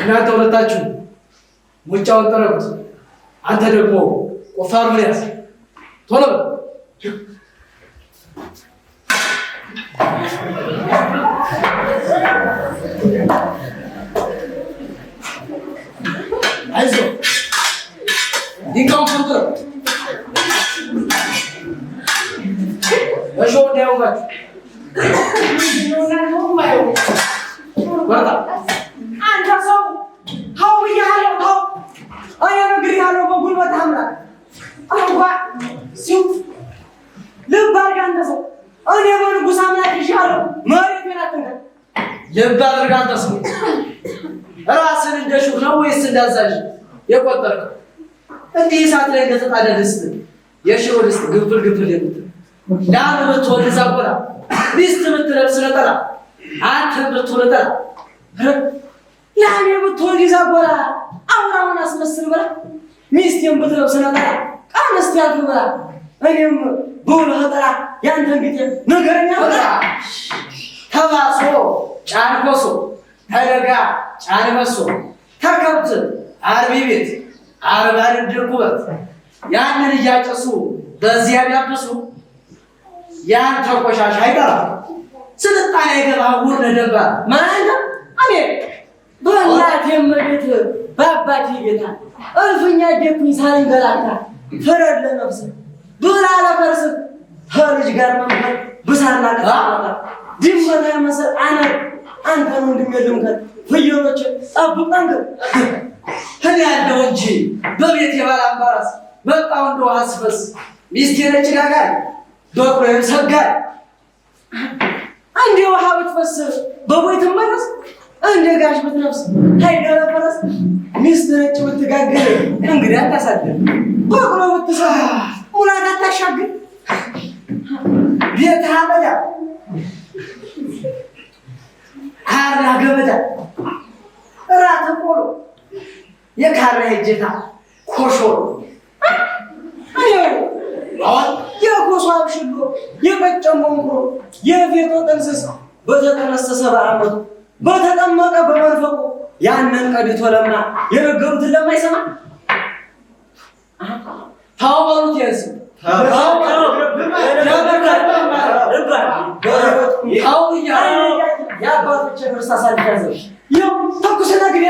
እናንተ ሁለታችሁ ሙጫውን ጥረጉት። አንተ ደግሞ ቁፋሮ ያዝ ቶሎ Gracias. ልብ አድርጋ ተስሙ ራስን እንደ ሹፍ ነው ወይስ እንዳዛዥ የቆጠርከው? እንዲህ እሳት ላይ እንደተጣደ ድስት የሽሮ ድስት ግብል ግብል የምትል ላም ብትሆን እዛ ቆላ ሚስት ብትለብስ ነጠላ አንተ ብትሆን ነጠላ ላም ብትሆን ይዛ ቆላ አውራውን አስመስል ብላ ሚስቴን ብትለብስ ነጠላ ቃነስት ያልፍ በላ እኔም ብውል ነጠላ ያንተን ጊዜ ነገረኛ በላ ተባሶ ጫንኮሶ ተደጋ ጫንመሶ ተከብት አርቢ ቤት አርባን ድርኩበት ያንን እያጨሱ በዚያ ቢያብሱ ያን ተቆሻሻ አይበራ ስልጣን አይገባ ውር ነደባ ማለት አኔ በእናቴ ምድት በአባቴ ጌታ እልፍኛ ደኩኝ ሳልኝ በላታ ፍረድ ለነፍስ ብላ ለፈርስ ከልጅ ጋር መምከር ብሳና ቅጣ ድመታ መሰል አነ አንተን ወንድም የለም ከ ፍየሎች ጠብቀን እኔ ያለው እንጂ በቤት የባል አምባራስ በቃ ወንዶ አስፈስ ሚስቴ ነጭ ጋጋል በቁሬም ሰጋል አንዴ ውሃ ብትፈስር በቦይ ትመለስ እንደ ጋሽ ብትነፍስ ሀይደረ ፈረስ ሚስት ነጭ ብትጋግር እንግዲህ አታሳድር በቁሎ ብትሰራ ሙላት አታሻግር ቤት አበዳ የካራ እጀታ ኮሾ የኮሶ አብሽሎ የቀጨመንኮ የቤቶ ጥንስስ በተጠነሰሰ በአመቱ በተጠመቀ በመንፈቁ ያንን ቀዲቶ ለምና የነገሩትን ለማይሰማ ታወሩት የስ የአባቶች ክርስታሳ ያዘ ተኩስና ግዴ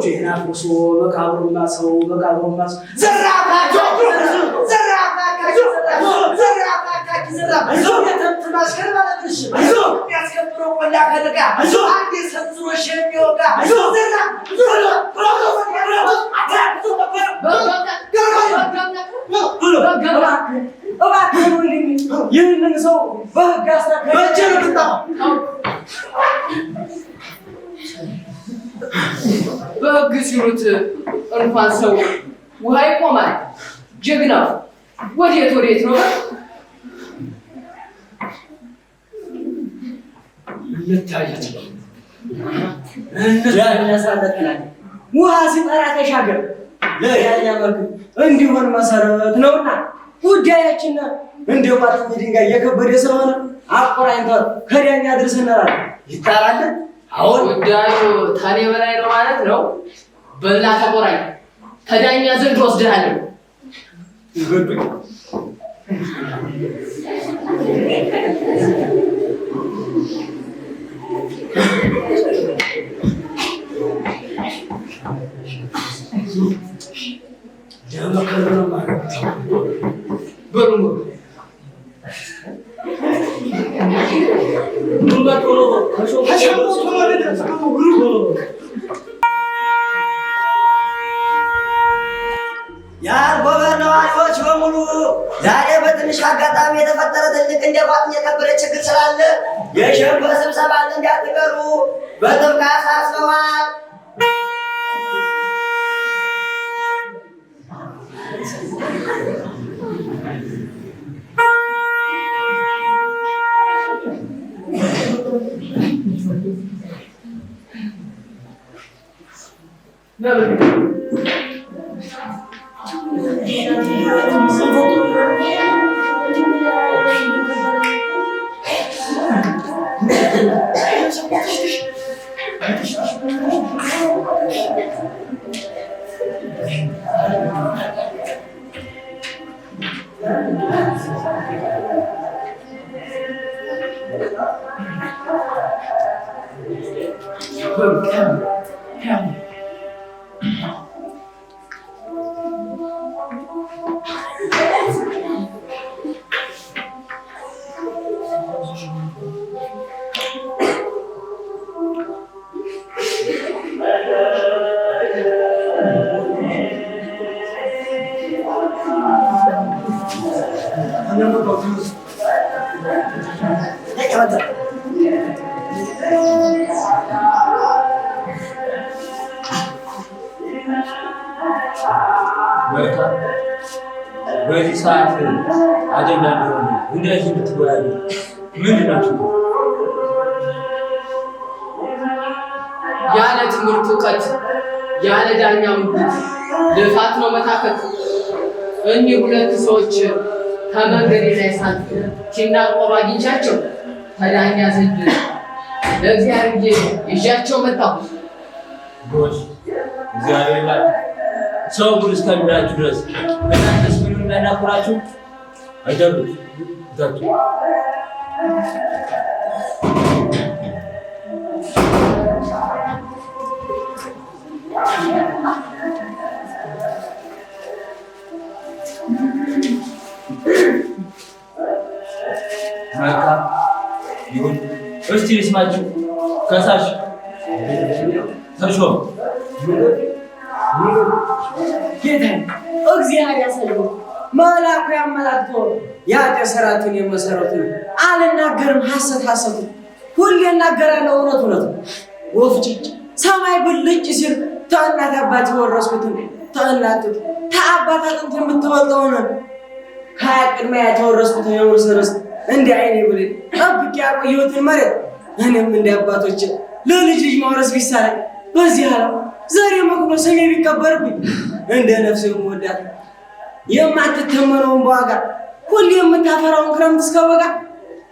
ሰዎች ይህን አፍርሶ መቃብሩን ማሰው መቃብሩን ማሰው ዘራፋቸው ዘራፋቸው ዘራፋቸው ዘራፋቸው ተማስከር ማለት ነው። አይዞ የሚያስከብረው ሲሉት እንኳን ሰው ውሃ ይቆማል። ጀግናው ወዴት ወዴት ነው? ውሃ ሲጠራ ተሻገር እንዲሆን መሰረት ነውና ጉዳያችን እንደ ማለት ድንጋይ የከበደ ስለሆነ አቆራኝተን ከዳኛ ድርሰናል። ይጣራል። አሁን ጉዳዩ ታኔ በላይ ነው ማለት ነው። በላ ተቆራኝ ከዳኛ ዘንድ ወስደሃለሁ። Boom. አጀንዳ እንዲሆን እንደዚህ የምትወያዩ ምንድን ናቸው? ያለ ትምህርት እውቀት፣ ያለ ዳኛ ሙግት ልፋት ነው መታከት። እኒህ ሁለት ሰዎች ከመንገዴ ላይ ሳልፍ ሲናቆሩ አግኝቻቸው ከዳኛ ዘንድ ለእግዚአብሔር ይዣቸው መጣሁ። እግዚአብሔር ሰው ጉድ እስከሚላችሁ ድረስ የሚያዳኩራችሁ አይደሉት ዛችሁ መልካም ይሁን። እስቲ ልስማችሁ ከሳሽ ተሾም መሰረቱ ነው። አልናገርም ሐሰት ሐሰቱ ሁሌ እናገራለሁ እውነት እውነቱ ወፍጭጭ ሰማይ ብልጭ ሲል ተእናት አባት የወረስኩትን ተእናቱት ተአባት አጥንት የምትበልጠውን ሀያ ቅድሚያ የተወረስኩትን የውርስ ርስት እንደ አይኔ ብል ጠብቄ ያቆየሁትን መሬት እኔም እንደ አባቶች ለልጅ ልጅ ማውረስ ቢሳለ በዚህ አለ ዛሬ መክኖ ስሜ ቢከበርብኝ እንደ ነፍሴ ወዳት የማትተመነውን በዋጋ ሁሉ የምታፈራውን ክረምት እስከ በጋ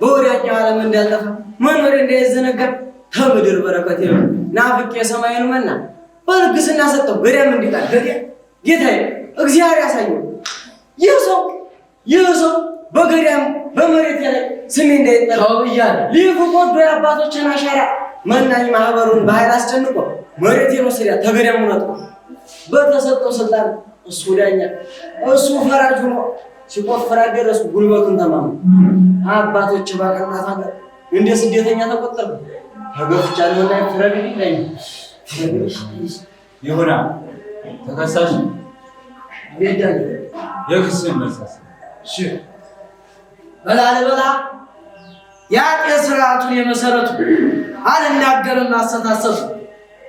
በወዲያኛው ዓለም እንዳልጠፋ መኖር እንዳይዘነጋ ከምድር በረከት ይለው ናፍቄ የሰማይን መና በልግስና ሰጠው ገዳም እንዲጣል ጌታዬ እግዚአብሔር ያሳየ ይህ ሰው ይህ ሰው በገዳም በመሬት ላይ ስሜ እንዳይጠራ ሊፉ ቆዶ የአባቶችን አሻራ መናኝ ማህበሩን በኃይል አስጨንቆ መሬት የመስሪያ ተገዳም ነጥቆ በተሰጠው ስልጣን እሱ ዳኛ እሱ ፈራጅ ሆኖ ሲቆፈር አደረስኩ ጉልበቱን ተማሙ አባቶች ባቀናት ሀገር እንደ ስደተኛ ተቆጠሩ። ተገፍቻለሁና ፍረድ ላይ ይሁና ተከሳሽ ቤዳ የክስን መርሳስ እሺ በላ ለበላ ያቄ ስርዓቱን የመሰረቱ አልናገርም አሰታሰሱ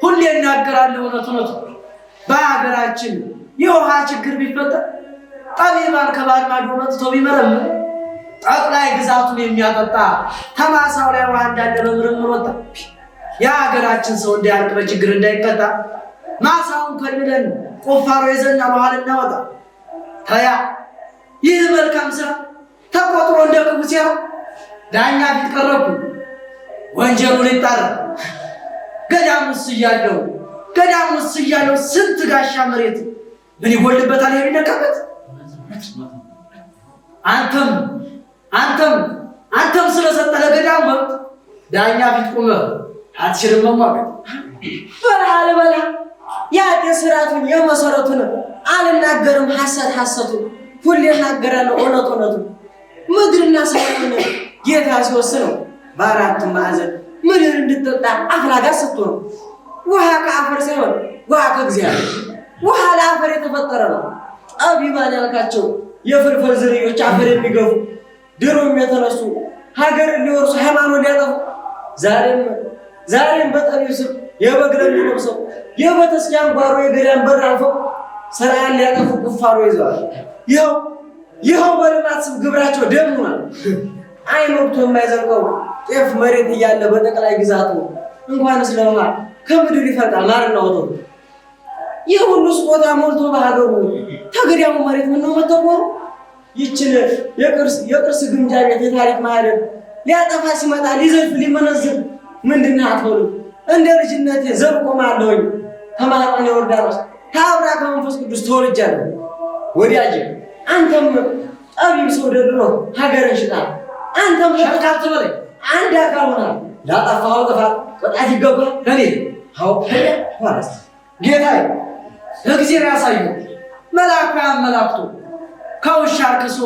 ሁሌ እናገራለሁ እውነት እውነቱ በሀገራችን የውሃ ችግር ቢፈጠር ጠቢባን ከባህር ማዶ መጥቶ ቢመረምር ጠቅላይ ግዛቱን የሚያጠጣ ተማሳው ላይ ውሃ እንዳለ በምርምር ወጣ። የሀገራችን ሰው እንዳያልቅ በችግር እንዳይቀጣ ማሳውን ከልለን ቁፋሮ የዘና በኋላ እናወጣ። ታያ ይህ መልካም ስራ ተቆጥሮ እንደ ክቡ ዳኛ ፊት ቀረብኩ ወንጀሉ ሊጣራ ገዳም ውስጥ እያለው ገዳም ውስጥ ስንት ጋሻ መሬት ምን ይጎልበታል የሚነካበት አንተም አንተም አንተም ስለሰጠ ለገዳም መብት ዳኛ ፊት ቁመህ አትችልም መሟገት። በልሃ ልበልሃ ያጤ ስርዓቱን የመሰረቱን አልናገርም ሐሰት ሐሰቱን ሁሌ እናገራለሁ እውነት እውነቱን ምድርና ሰማዩን ጌታ ሲወስነው በአራት ማዕዘን ምድር እንድትጠጣ አፍላጋ ነው። ውሃ ከአፈር ሳይሆን ውሃ ከእግዚአብሔር ውሃ ለአፈር የተፈጠረ ነው። አቢባን ያልካቸው የፍርፈር ዝርዮች አፈር የሚገፉ ድሮም የተነሱ ሀገርን ሊወርሱ ሃይማኖት ሊያጠፉ ዛሬም ዛሬም በጠቢብ ስም የበግ ለሚለብሰው የቤተክርስቲያን ጓሮ የገዳም በር አልፈው ስራን ሊያጠፉ ቁፋሮ ይዘዋል። ይኸው ይኸው በልማት ስም ግብራቸው ደም አይን ወቅቶ የማይዘልቀው ጤፍ መሬት እያለ በጠቅላይ ግዛቱ እንኳን ስለማ ከምድር ይፈጣል ማርና ይህ ሁሉ ስጦታ ሞልቶ በሀገሩ ተገዳሙ መሬት ምን ነው መተቆሩ ይችን የቅርስ የቅርስ ግምጃ ቤት የታሪክ ማዕረግ ሊያጠፋ ሲመጣ ሊዘልፍ ሊመነዝር ምንድን አትበሉ። እንደ ልጅነት ዘር ቆማለሁኝ ከማኅፀነ ዮርዳኖስ ከአብራ ከመንፈስ ቅዱስ ተወልጃለሁ። ወዲያጅ አንተም ጠቢብ ሰው ደድሮ ሀገርን ሽጣ አንተም ሸጥካል ትበለ አንድ አካል ሆናል። ላጠፋኸው ጥፋት ቅጣት ይገባል። እኔ ሀው ጌታ እግዜር ያሳየ መልአኩ ያመላክቱ ከውሻ አርክሶ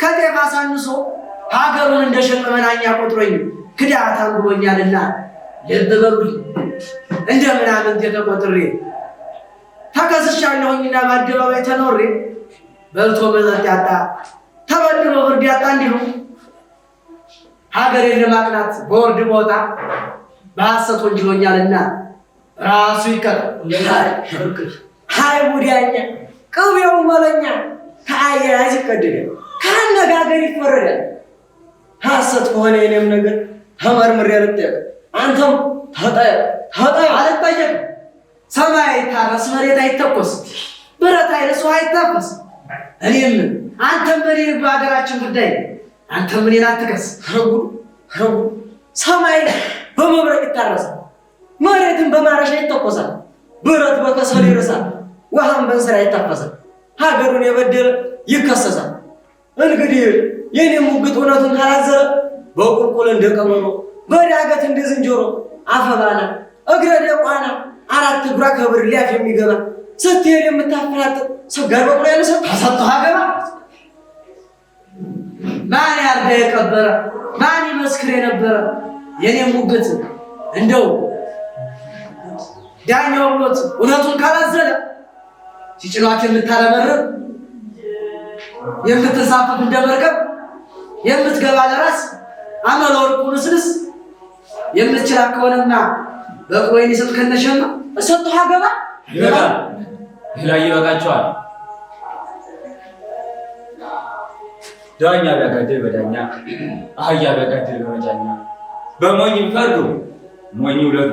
ከጤፍ አሳንሶ ሀገሩን እንደ ሸቀጥ ቆጥሮኝ ክዳት አንግሎኛልና ልብ በሉ እንደ ምናምን ተቆጥሬ ተከስሻለሁኝና በአደባባይ ተኖሬ በልቶ መጠጥ ያጣ ተበድሎ ፍርድ ያጣ እንዲሁ ሀገሬን ለማቅናት በወርድ ቦታ በሐሰት ወንጅሎኛልና ራሱ ይቀጥ ሀይ ሙዳኛ ቅቤው መለኛ ከአያያዝ ይቀደዳል፣ ከአነጋገር ይፈረዳል። ሀሰት ከሆነ የኔም ነገር ተመርምሬ ልጠየቅ፣ አንተም ተጠየቅ። ተጠየቅ አልጠየቅም። ሰማይ አይታረስ፣ መሬት አይተኮስ፣ ብረት አይነስ፣ ውሃ አይታፈስ። እኔም አንተም እኔን በሀገራችን ጉዳይ አንተም እኔን አትከስ። ረጉ ረጉ ሰማይ በመብረቅ ይታረሳል፣ መሬትን በማረሻ ይተኮሳል፣ ብረት በከሰል ይርሳል። ውሃን በእንስራ ይታፈሳል፣ ሀገሩን የበደለ ይከሰሳል። እንግዲህ የኔ ሙግት እውነቱን ካላዘረ በቁልቁል እንደ በዳገት እንደ ዝንጀሮ አፈባላ እግረ ደቋና አራት እግሯ ከብር ሊያፍ የሚገባ ስትሄድ የምታፈላጥጥ ሰጋር በቁሎ ያለ ሰው ታሳጥቶ ሀገራ ማን ያርዳ የቀበረ ማን ይመስክር የነበረ የኔ ሙግት እንደው ዳኛው ብሎት እውነቱን ካላዘለ ጭጭሏት የምታረበርብ የምትንሳፈፍ እንደ መርከብ የምትገባ ለራስ አመለ ወርቁ ልስልስ የምትችላ ከሆነና በቁወይን ስጥ ከነሸማ እሰጡ ሀገባ ሌላ ይበቃቸዋል። ዳኛ ቢያጋድል በዳኛ አህያ ቢያጋድል በመጫኛ በሞኝ ፈርዱ ሞኝ ውለዱ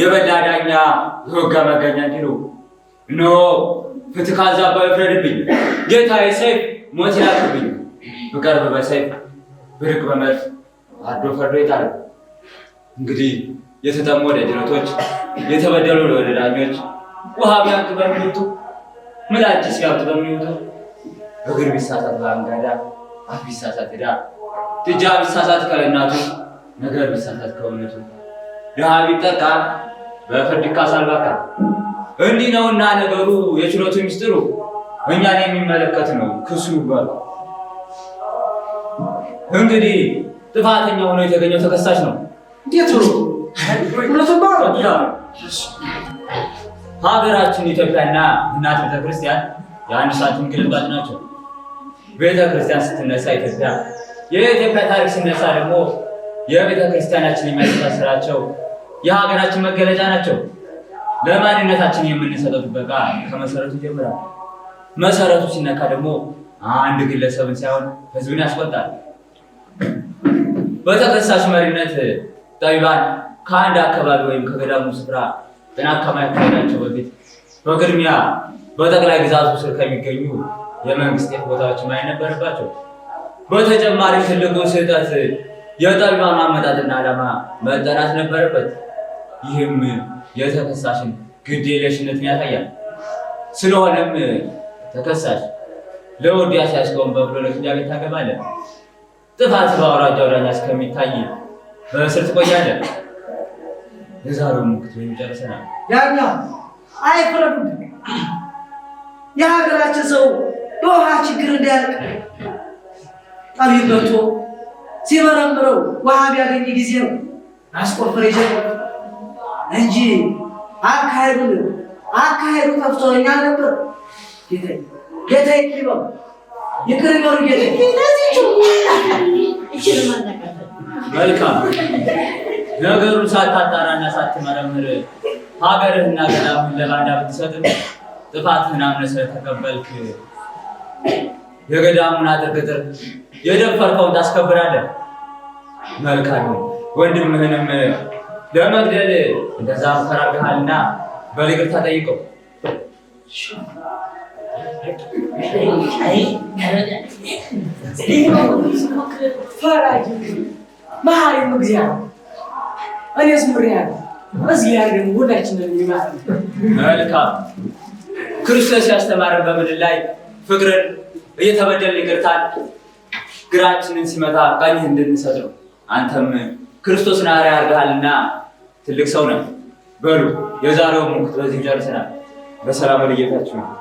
የበዳ ዳኛ የወጋ መጋኛ እንዲሉ ኖ ፍትህ ካዛባ ይፍረድብኝ ጌታዬ፣ ሰይፍ ሞት ይላክብኝ። ብቀርብ በሰይፍ ብርቅ በመድፍ አዶ ፈርዶ ይጣል። እንግዲህ የተጠሙ ወደ ጅረቶች፣ የተበደሉ ወደ ዳኞች፣ ውሃ ቢያንክ በሚወጡ ምላጭ ሲያብጥ በሚወጡ እግር ቢሳሳት በአንጋዳ አፍ ቢሳሳት ዕዳ ጥጃ ቢሳሳት ከለናቱ ነገር ቢሳሳት ከእውነቱ ድሃ ቢጠቃ በፍርድ ይካሳል እንዲህ ነውና ነገሩ የችሎቱ ሚስጥሩ እኛን የሚመለከት ነው ክሱ ይባል። እንግዲህ ጥፋተኛ ሆኖ የተገኘው ተከሳሽ ነው። እንዴት ነው ሀገራችን ኢትዮጵያና እናት ቤተክርስቲያን የአንድ ሳንቲም ግልባጭ ናቸው። ቤተክርስቲያን ስትነሳ ኢትዮጵያ፣ የኢትዮጵያ ታሪክ ሲነሳ ደግሞ የቤተክርስቲያናችን የሚያስተሳስራቸው የሀገራችን መገለጫ ናቸው። ለማንነታችን የምንሰጠው ጥበቃ ከመሰረቱ ይጀምራል። መሰረቱ ሲነካ ደግሞ አንድ ግለሰብን ሳይሆን ህዝብን ያስቆጣል። በተከሳሽ መሪነት ጠቢባን ከአንድ አካባቢ ወይም ከገዳሙ ስፍራ ጥናት ከማካሄዳቸው በፊት በቅድሚያ በጠቅላይ ግዛቱ ስር ከሚገኙ የመንግስት ጤፍ ቦታዎች ማየት ነበረባቸው። በተጨማሪ ትልቁ ስህተት የጠቢባን አመጣጥና ዓላማ መጠናት ነበረበት። ይህም የተከሳሽን ግዴለሽነትን ያሳያል። ስለሆነም ተከሳሽ ለወዲያ ሲያስቆም በብሎ ለፍርድ ቤት ታገባለህ። ጥፋት በአውራጃው ዳኛ እስከሚታይ በእስር ትቆያለህ። የዛሬው ሙክት ወይም ጨርሰናል። ያኛ አይፍረዱ የሀገራችን ሰው በውሃ ችግር እንዳያልቅ ጠቢብ ሲመረምረው ውሃ ቢያገኝ ጊዜ ነው አስቆፈር የጀመረ እንጂ አካሄዱን አካሄዱ ከፍቶኛ ነበር። ጌታ ጌታ ይቅር ይበሉ ጌታ መልካም ነገሩን ሳታጣራና ሳትመረምር ሀገርህና ገዳምን ለባዳ ብትሰጥም ጥፋትህን አምነህ ስለተቀበልክ የገዳሙን አጥር ቅጥር የደፈርከውን ታስከብራለህ። መልካም ወንድምህንም ለመግደል እንደዛ ተራግሃልና በይቅርታ ጠይቀው። ፈራጅ እኔ እግዚአብሔር መልካም ክርስቶስ ያስተማረን በምድር ላይ ፍቅርን እየተበደልን ይቅርታን ግራችንን ሲመታ ቀኝህ እንድንሰጥ ነው። አንተም ክርስቶስን አርአያ አድርገሃልና ትልቅ ሰው ነን። በሉ የዛሬው ሙክት በዚህ ጨርሰናል። በሰላም ለየታችሁ ነው።